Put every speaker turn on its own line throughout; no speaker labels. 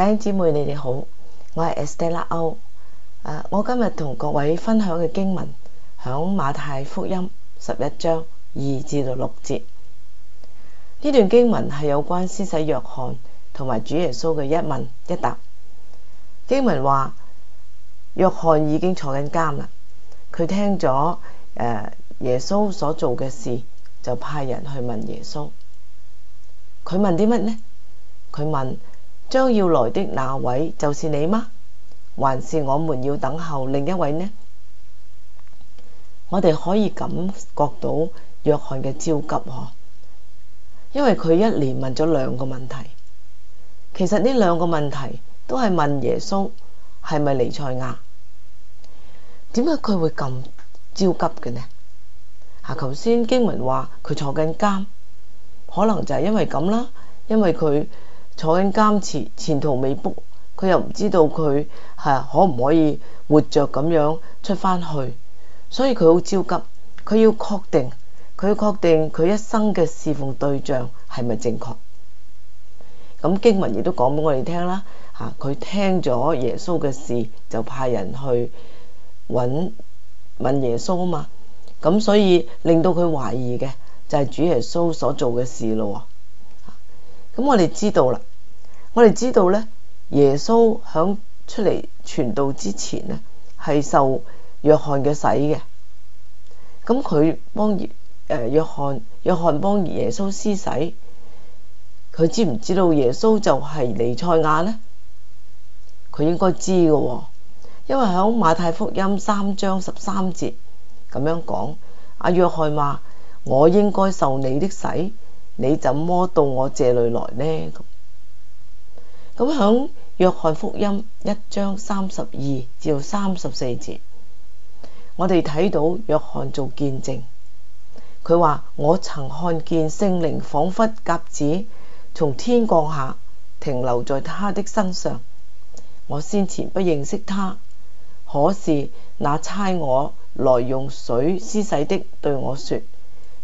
弟兄姊妹，你哋好，我係 Estela 歐，啊，我今日同各位分享嘅經文響馬太福音十一章二至到六節，呢段經文係有關施洗約翰同埋主耶穌嘅一問一答。經文話，約翰已經坐緊監啦，佢聽咗耶穌所做嘅事，就派人去問耶穌，佢問啲乜呢？佢問。將要來的那位就是你嗎？還是我們要等候另一位呢？我哋可以感覺到約翰嘅焦急哦、啊，因為佢一連問咗兩個問題，其實呢兩個問題都係問耶穌係咪彌賽亞？點解佢會咁焦急嘅呢？啊，頭先經文話佢坐緊監，可能就係因為咁啦，因為佢。坐緊監持，前途未卜，佢又唔知道佢係可唔可以活着咁樣出翻去，所以佢好焦急，佢要確定，佢要確定佢一生嘅侍奉對象係咪正確。咁經文亦都講俾我哋聽啦，吓佢聽咗耶穌嘅事就派人去搵，問耶穌啊嘛，咁所以令到佢懷疑嘅就係主耶穌所做嘅事咯。咁我哋知道啦。我哋知道咧，耶穌響出嚟傳道之前呢，係受約翰嘅洗嘅。咁佢幫耶誒、呃、約翰，約翰幫耶穌施洗，佢知唔知道耶穌就係尼賽亞呢？佢應該知嘅喎，因為喺馬太福音三章十三節咁樣講，阿約翰話：我應該受你的洗，你怎麼到我這裏來呢？咁喺、嗯、約翰福音一章三十二至到三十四節，我哋睇到約翰做見證，佢話：我曾看見聖靈彷彿鴿子從天降下，停留在他的身上。我先前不認識他，可是那差我來用水施洗的對我説：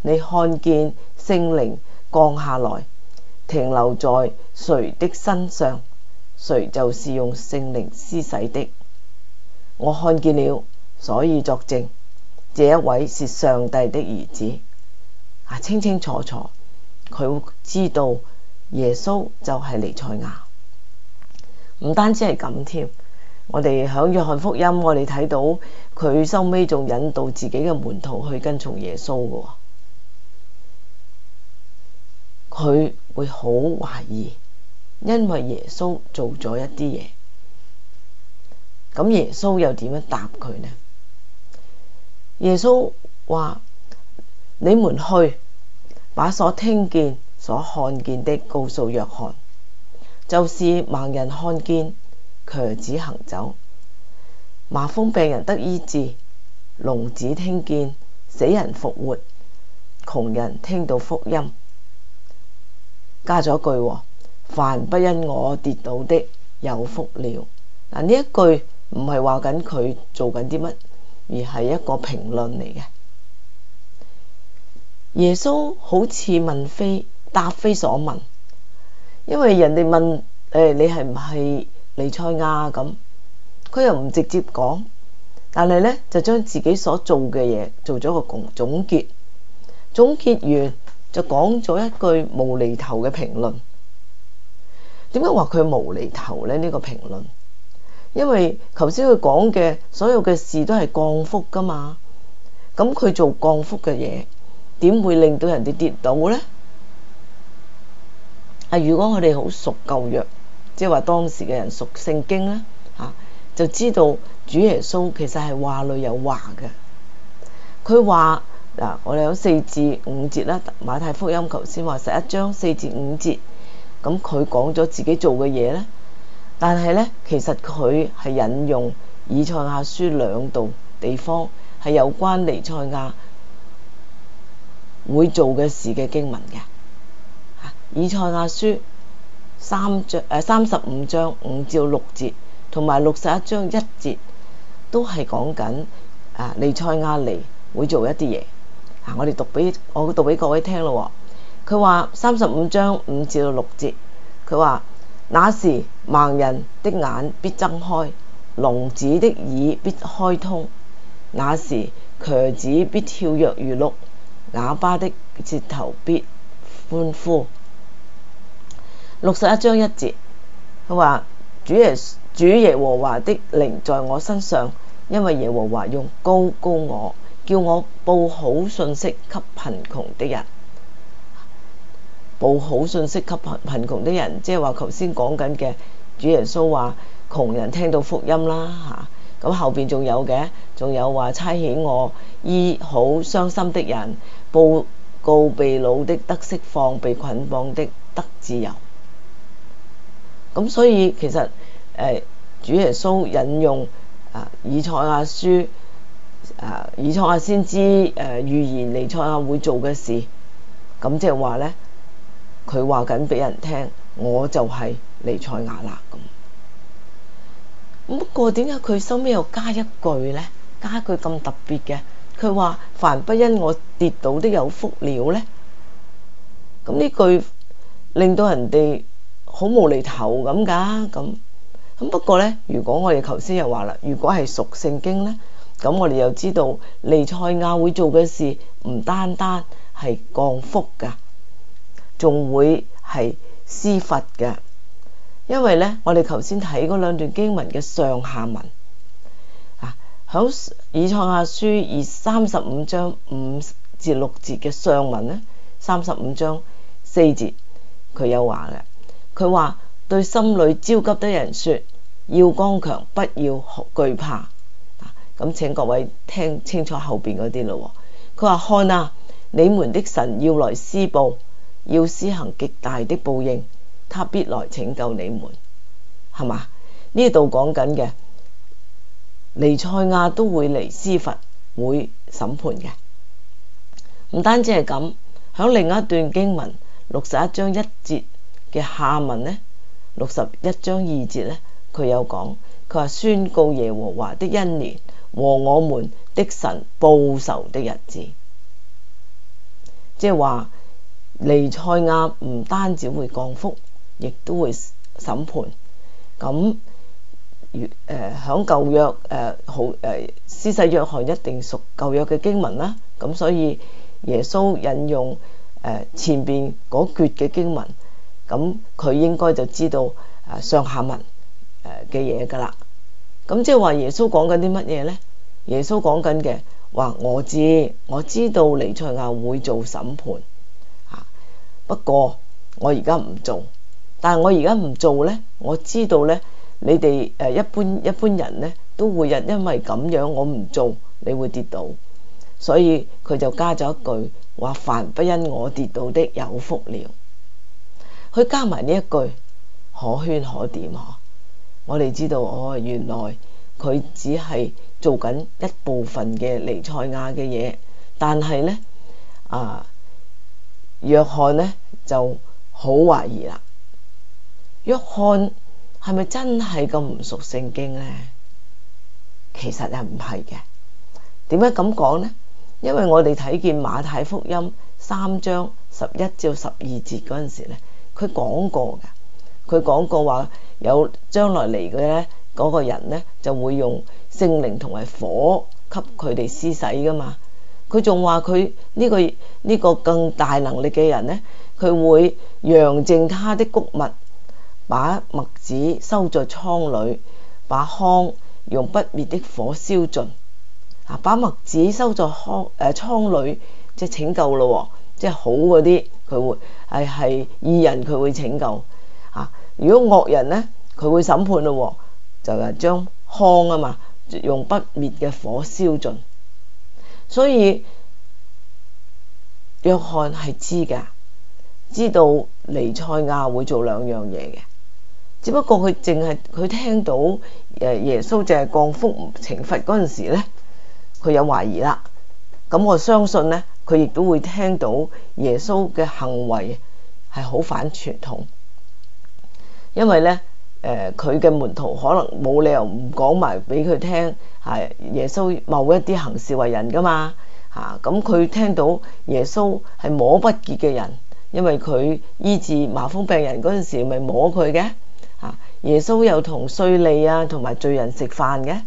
你看見聖靈降下來。停留在誰的身上，誰就是用聖靈施洗的。我看見了，所以作證，這一位是上帝的兒子。啊，清清楚楚，佢知道耶穌就係彌賽亞。唔單止係咁添，我哋響約翰福音，我哋睇到佢收尾仲引導自己嘅門徒去跟從耶穌嘅。佢會好懷疑，因為耶穌做咗一啲嘢。咁耶穌又點樣答佢呢？耶穌話： 你們去，把所聽見、所看見的告訴約翰，就是盲人看見、瘸子行走、麻風病人得醫治、聾子聽見、死人復活、窮人聽到福音。加咗一句：凡不因我跌倒的，有福了。嗱，呢一句唔係話緊佢做緊啲乜，而係一個評論嚟嘅。耶穌好似問非答非所問，因為人哋問：誒、哎，你係唔係彌賽亞咁？佢又唔直接講，但係咧就將自己所做嘅嘢做咗個共總結，總結完。就講咗一句無厘頭嘅評論。點解話佢無厘頭咧？呢、這個評論，因為頭先佢講嘅所有嘅事都係降福噶嘛，咁佢做降福嘅嘢，點會令到人哋跌倒咧？啊！如果佢哋好熟舊約，即係話當時嘅人熟聖經咧，嚇、啊、就知道主耶穌其實係話裏有話嘅，佢話。嗱，我哋有四至五節啦，《馬太福音》頭先話十一章四至五節，咁佢講咗自己做嘅嘢呢。但係呢，其實佢係引用以賽亞書兩度地方，係有關尼賽亞會做嘅事嘅經文嘅。《以賽亞書》三章誒三十五章五至六節，同埋六十一章一節，都係講緊啊尼賽亞嚟會做一啲嘢。我哋讀俾我讀俾各位聽咯。佢話三十五章五至六節，佢話那時盲人的眼必睜開，聾子的耳必開通，那時瘸子必跳躍如鹿，啞巴的舌頭必歡呼。六十一章一節，佢話主耶主耶和華的靈在我身上，因為耶和華用膏膏我。叫我報好信息給貧窮的人，報好信息給貧貧窮的人，即係話頭先講緊嘅，主耶穌話：窮人聽到福音啦，吓、啊，咁、啊、後邊仲有嘅，仲有話差遣我醫好傷心的人，報告被擄的得釋放，被捆綁的得自由。咁、啊、所以其實誒、哎，主耶穌引用、啊、以賽亞書。誒以賽亞先知誒預、呃、言彌賽亞會做嘅事，咁即係話咧，佢話緊俾人聽，我就係彌賽亞啦咁。咁不過點解佢收尾又加一句咧？加一句咁特別嘅，佢話：凡不因我跌倒都有福了咧。咁呢句令到人哋好無厘頭咁㗎，咁咁不過咧，如果我哋頭先又話啦，如果係屬聖經咧？咁我哋又知道尼賽亞會做嘅事唔單單係降福噶，仲會係施罰噶。因為呢，我哋頭先睇嗰兩段經文嘅上下文啊，喺以賽亞書二三十五章五至六節嘅上文咧，三十五章四節佢有話嘅，佢話對心裏焦急的人說，要剛強，不要懼、懼怕。咁請各位聽清楚後邊嗰啲咯。佢話：看啊，你們的神要來施報，要施行極大的報應，他必來拯救你們，係嘛？呢度講緊嘅彌賽亞都會嚟司法會審判嘅。唔單止係咁，響另一段經文六十一章一節嘅下文呢，六十一章二節呢，佢有講，佢話宣告耶和華的恩年。和我們的神報仇的日子，即係話彌賽亞唔單止會降福，亦都會審判。咁如誒響舊約誒、呃、好誒施、呃、洗約翰一定熟舊約嘅經文啦，咁、嗯、所以耶穌引用誒、呃、前邊嗰段嘅經文，咁、嗯、佢應該就知道誒、呃、上下文誒嘅嘢噶啦。呃咁即係話耶穌講緊啲乜嘢呢？耶穌講緊嘅話，我知我知道彌賽亞會做審判，不過我而家唔做。但係我而家唔做呢，我知道呢，你哋誒，一般一般人呢，都會因因為咁樣我唔做，你會跌倒，所以佢就加咗一句話：凡不因我跌倒的，有福了。佢加埋呢一句，可圈可點。我哋知道，哦，原來佢只係做緊一部分嘅尼賽亞嘅嘢，但係呢，啊、呃，約翰呢就好懷疑啦。約翰係咪真係咁唔熟聖經呢？其實又唔係嘅。點解咁講呢？因為我哋睇見馬太福音三章十一至十二節嗰陣時呢，佢講過㗎。佢講過話有將來嚟嘅咧，嗰個人咧就會用聖靈同埋火給佢哋施洗噶嘛。佢仲話佢呢個呢、呢個更大能力嘅人咧，佢會揚淨他的谷物，把麥子收在倉裏，把糠用不滅的火燒盡。啊，把麥子收在倉誒、呃、倉裏，即、就、係、是、拯救咯喎，即、就、係、是、好嗰啲佢會係係義人，佢會拯救。啊！如果惡人呢，佢會審判咯、啊，就係將糠啊嘛，用不滅嘅火燒盡。所以約翰係知㗎，知道尼賽亞會做兩樣嘢嘅，只不過佢淨係佢聽到耶穌淨係降福唔懲罰嗰陣時呢，佢有懷疑啦。咁我相信呢，佢亦都會聽到耶穌嘅行為係好反傳統。因為咧，誒佢嘅門徒可能冇理由唔講埋俾佢聽，係耶穌某一啲行事為人㗎嘛，嚇咁佢聽到耶穌係摸不潔嘅人，因為佢醫治麻風病人嗰陣時，咪摸佢嘅，嚇、啊、耶穌又同稅吏啊，同埋罪人食飯嘅，嚇、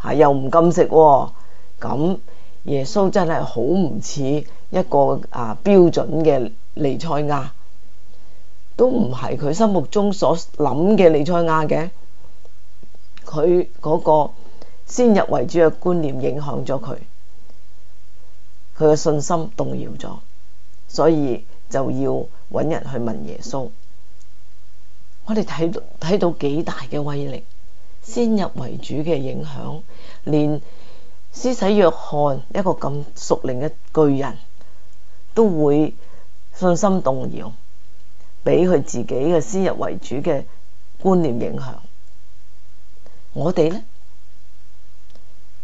啊、又唔禁食喎、啊，咁、啊、耶穌真係好唔似一個啊，啊標準嘅彌賽亞。都唔係佢心目中所諗嘅彌賽亞嘅，佢嗰個先入為主嘅觀念影響咗佢，佢嘅信心動搖咗，所以就要揾人去問耶穌。我哋睇到睇到幾大嘅威力，先入為主嘅影響，連施洗約翰一個咁屬靈嘅巨人，都會信心動搖。俾佢自己嘅先入為主嘅觀念影響，我哋呢，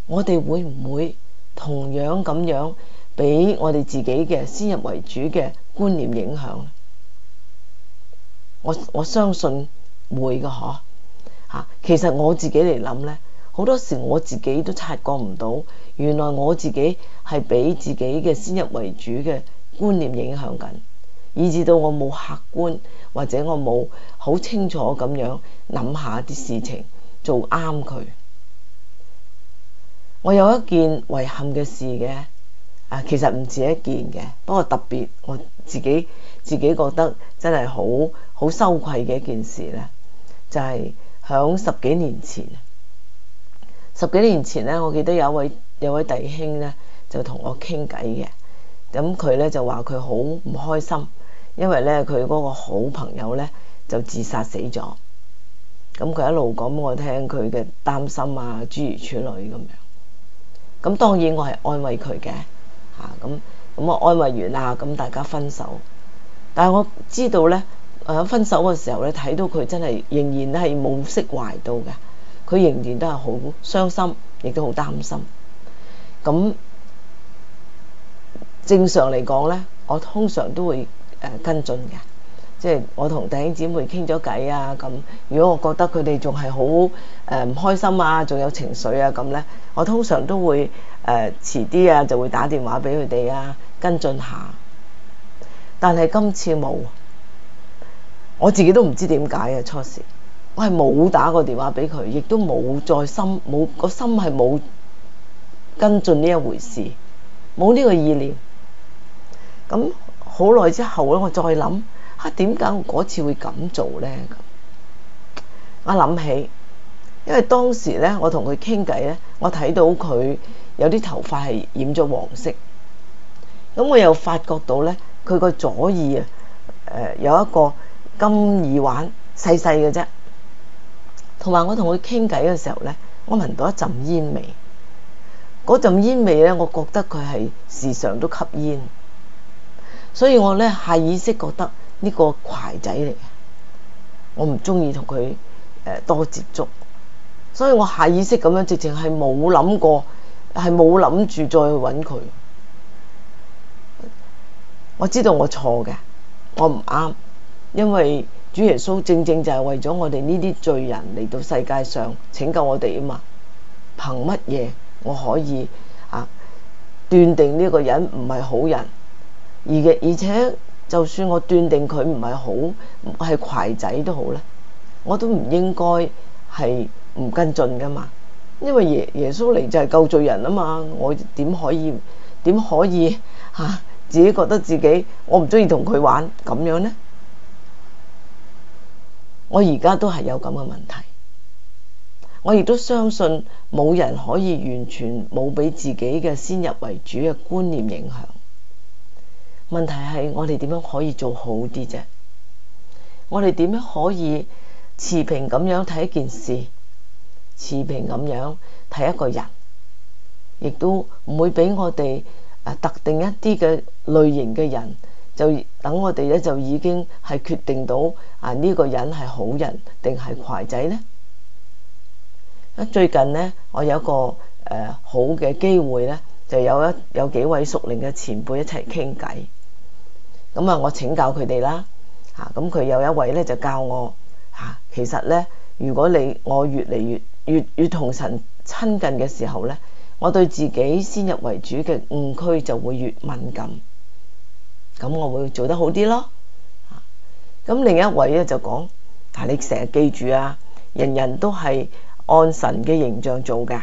我哋會唔會同樣咁樣俾我哋自己嘅先入為主嘅觀念影響？我我相信會㗎，吓，其實我自己嚟諗呢，好多時我自己都察覺唔到，原來我自己係俾自己嘅先入為主嘅觀念影響緊。以至到我冇客觀，或者我冇好清楚咁樣諗下啲事情，做啱佢。我有一件遺憾嘅事嘅，啊，其實唔止一件嘅，不過特別我自己自己覺得真係好好羞愧嘅一件事呢，就係響十幾年前，十幾年前呢，我記得有位有位弟兄呢，就同我傾偈嘅，咁佢呢，就話佢好唔開心。因為咧，佢嗰個好朋友咧就自殺死咗，咁佢一路講俾我聽佢嘅擔心啊、諸如此類咁樣。咁當然我係安慰佢嘅吓咁咁，啊、我安慰完啊，咁大家分手。但係我知道咧，誒，分手嘅時候咧，睇到佢真係仍然係冇釋懷到嘅，佢仍然都係好傷心，亦都好擔心。咁正常嚟講咧，我通常都會。誒、呃，跟進嘅，即係我同弟兄姊妹傾咗偈啊，咁如果我覺得佢哋仲係好誒唔開心啊，仲有情緒啊咁呢，我通常都會誒遲啲啊，就會打電話俾佢哋啊跟進下。但係今次冇，我自己都唔知點解啊，初時我係冇打過電話俾佢，亦都冇再心冇個心係冇跟進呢一回事，冇呢個意念，咁。好耐之後咧，我再諗吓點解我嗰次會咁做呢？我諗起，因為當時咧，我同佢傾偈咧，我睇到佢有啲頭髮係染咗黃色，咁我又發覺到咧，佢個左耳啊，誒、呃、有一個金耳環，細細嘅啫。同埋我同佢傾偈嘅時候咧，我聞到一陣煙味，嗰陣煙味咧，我覺得佢係時常都吸煙。所以我咧，下意識覺得呢、呢個枱仔嚟嘅，我唔中意同佢誒多接觸，所以我下意識咁樣直情係冇諗過，係冇諗住再去揾佢。我知道我錯嘅，我唔啱，因為主耶穌正正就係為咗我哋呢啲罪人嚟到世界上拯救我哋啊嘛。憑乜嘢我可以啊斷定呢個人唔係好人？而而且，就算我斷定佢唔係好係瘸仔都好咧，我都唔應該係唔跟進噶嘛。因為耶耶穌嚟就係救罪人啊嘛，我點可以點可以吓、啊、自己覺得自己我唔中意同佢玩咁樣呢？我而家都係有咁嘅問題。我亦都相信冇人可以完全冇俾自己嘅先入為主嘅觀念影響。問題係我哋點樣可以做好啲啫？我哋點樣可以持平咁樣睇一件事，持平咁樣睇一個人，亦都唔會俾我哋特定一啲嘅類型嘅人就等我哋咧就已經係決定到啊呢、呢個人係好人定係壞仔呢。最近呢，我有一個、呃、好嘅機會呢就有一有幾位熟齡嘅前輩一齊傾偈。咁啊，我請教佢哋啦，嚇，咁佢有一位咧就教我，嚇、啊、其實咧，如果你我越嚟越越越同神親近嘅時候咧，我對自己先入為主嘅誤區就會越敏感，咁我會做得好啲咯。咁、啊、另一位咧就講，啊你成日記住啊，人人都係按神嘅形象做嘅，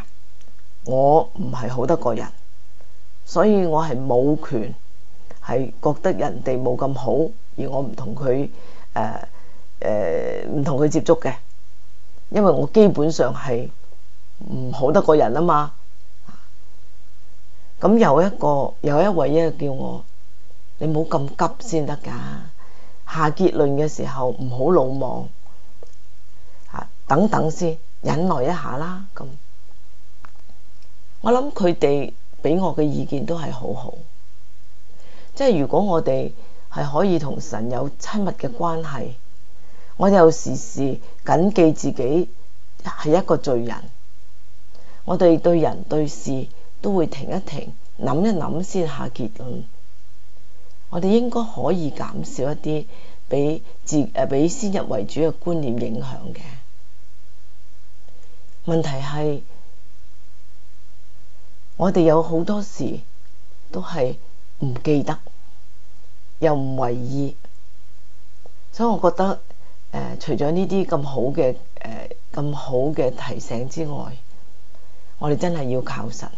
我唔係好得過人，所以我係冇權。係覺得人哋冇咁好，而我唔同佢，誒誒唔同佢接觸嘅，因為我基本上係唔好得過人啊嘛。咁有一個有一位咧叫我，你唔好咁急先得噶下結論嘅時候唔好魯莽啊，等等先，忍耐一下啦。咁我諗佢哋俾我嘅意見都係好好。即係如果我哋係可以同神有親密嘅關係，我哋有時是謹記自己係一個罪人，我哋對人對事都會停一停，諗一諗先下結論。我哋應該可以減少一啲畀自、誒、俾先入為主嘅觀念影響嘅問題，係，我哋有好多時都係。唔記得又唔為意，所以我覺得、呃、除咗呢啲咁好嘅、呃、咁好嘅提醒之外，我哋真係要靠神，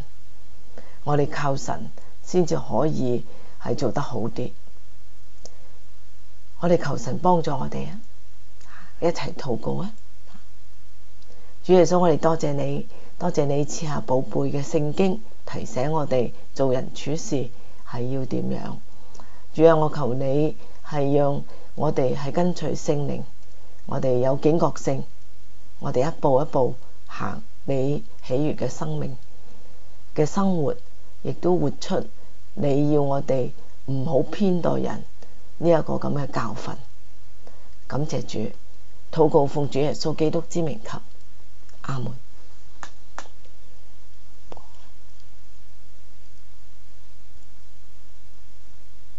我哋靠神先至可以係做得好啲。我哋求神幫助我哋啊！一齊禱告啊！主耶穌，我哋多謝你，多謝你賜下寶貝嘅聖經，提醒我哋做人處事。係要點樣？主要我求你，係讓我哋係跟隨聖靈，我哋有警覺性，我哋一步一步行你喜悅嘅生命嘅生活，亦都活出你要我哋唔好偏待人呢一、這個咁嘅教訓。感謝主，禱告奉主耶穌基督之名及阿門。